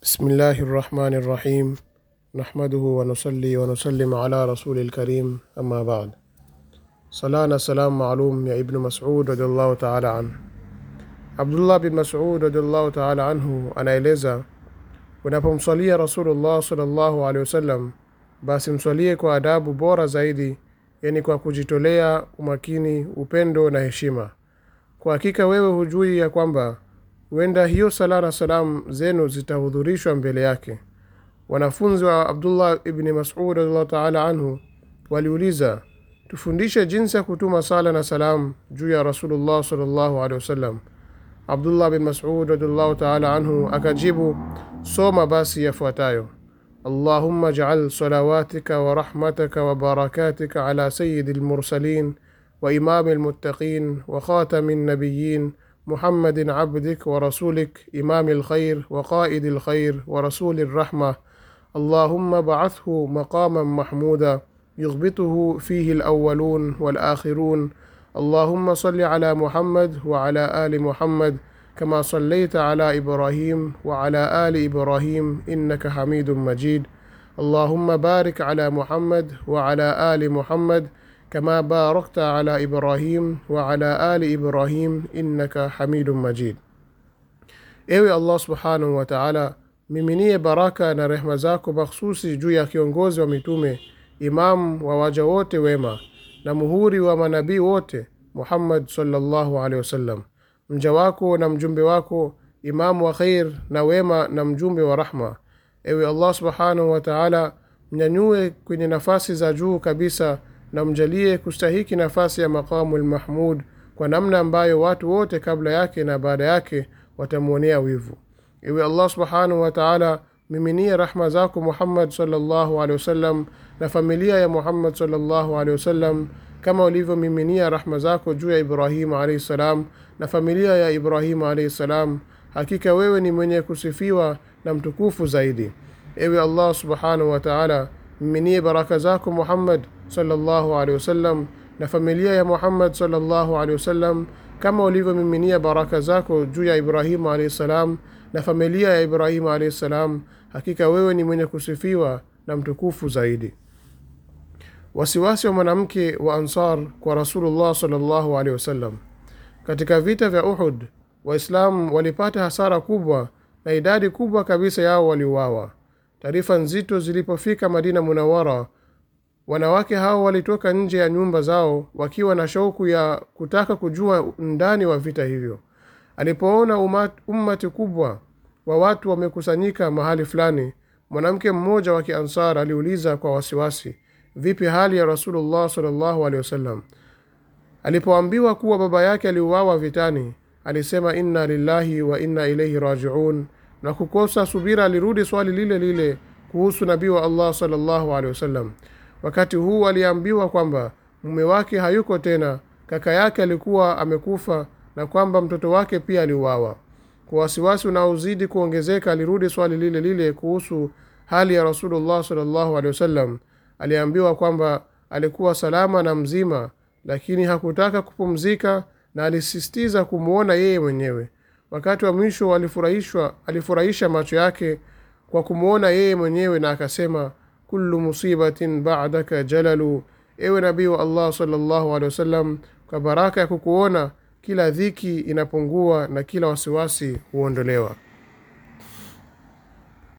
Bismillahi rahmani rahim nahmaduhu wanusali wanusalim ala rasuli lkarim ama bad. Sala na salam maalum ya Ibnu Masud radiallahu taala anhu. Abdullah bin Masud radiallahu taala anhu anaeleza, unapomswalia Rasulullah sallallahu alehi wasallam, basi mswalie kwa adabu bora zaidi, yani kwa kujitolea, umakini, upendo na heshima. Kwa hakika wewe hujui ya kwamba huenda hiyo sala na salamu zenu zitahudhurishwa mbele yake wanafunzi wa abdullah ibni masud radiallahu taala anhu waliuliza tufundishe jinsi ya kutuma sala na salamu juu ya rasulullah salllahu alehi wasallam abdullah bin masud radiallahu taala anhu akajibu soma basi yafuatayo اللهم اجعل صلواتك ورحمتك وبركاتك على سيد المرسلين وإمام المتقين وخاتم النبيين محمد عبدك ورسولك إمام الخير وقائد الخير ورسول الرحمة اللهم بعثه مقاما محمودا يغبطه فيه الأولون والآخرون اللهم صل على محمد وعلى آل محمد كما صليت على إبراهيم وعلى آل إبراهيم إنك حميد مجيد اللهم بارك على محمد وعلى آل محمد كما باركت على إبراهيم وعلى آل إبراهيم إنك حميد مجيد ewe allah subhanahu wa taala miminie baraka na rehma zako makhususi juu ya kiongozi wa mitume imamu wa waja wote wema na muhuri wa manabii wote muhammad salllahu alehi wasallam mja wako na mjumbe wako imamu wa khair na wema na mjumbe wa rahma ewe allah subhanahu wa taala mnyanyue kwenye nafasi za juu kabisa na mjalie kustahiki nafasi ya maqamu lmahmud kwa namna ambayo watu wote kabla yake na baada yake watamwonea wivu iwe allah subhanahu wataala miminie rahma zako muhammad salllahu alehi wasallam na familia ya muhammad salllahu alehi wasallam kama ulivyomiminia rahma zako juu ya ibrahimu alaihi ssalam na familia ya ibrahimu alaihi ssalam hakika wewe ni mwenye kusifiwa na mtukufu zaidi ewe allah subhanahu wataala miminie baraka zako muhammad sallallahu alaihi wasallam na familia ya Muhammad sallallahu alaihi wasallam kama ulivyomiminia baraka zako juu ya Ibrahimu alaihi salam na familia ya Ibrahimu alaihi salam, hakika wewe ni mwenye kusifiwa na mtukufu zaidi. Wasiwasi wa mwanamke wa Ansar kwa Rasulullah sallallahu alaihi wasallam. Katika vita vya Uhud, Waislamu walipata hasara kubwa na idadi kubwa kabisa yao waliuawa. Taarifa nzito zilipofika Madina Munawara Wanawake hao walitoka nje ya nyumba zao wakiwa na shauku ya kutaka kujua undani wa vita hivyo. Alipoona umati, kubwa wa watu wamekusanyika mahali fulani, mwanamke mmoja wa Kiansar aliuliza kwa wasiwasi, vipi hali ya Rasulullah sallallahu alaihi wasallam? Alipoambiwa kuwa baba yake aliuawa vitani, alisema inna lillahi wa inna ilaihi rajiun, na kukosa subira alirudi swali lile lile kuhusu nabii wa Allah sallallahu alaihi wasallam wakati huu aliambiwa kwamba mume wake hayuko tena kaka yake alikuwa amekufa na kwamba mtoto wake pia aliuawa kwa wasiwasi unaozidi kuongezeka alirudi swali lile lile kuhusu hali ya rasulullah salllahu alehi wasallam aliambiwa kwamba alikuwa salama na mzima lakini hakutaka kupumzika na alisisitiza kumwona yeye mwenyewe wakati wa mwisho alifurahishwa alifurahisha macho yake kwa kumwona yeye mwenyewe na akasema كل مصيبة بعدك جلل ewe nabii wa allah salllahu alehi wasallam kwa baraka ya kukuona kila dhiki inapungua na kila wasiwasi huondolewa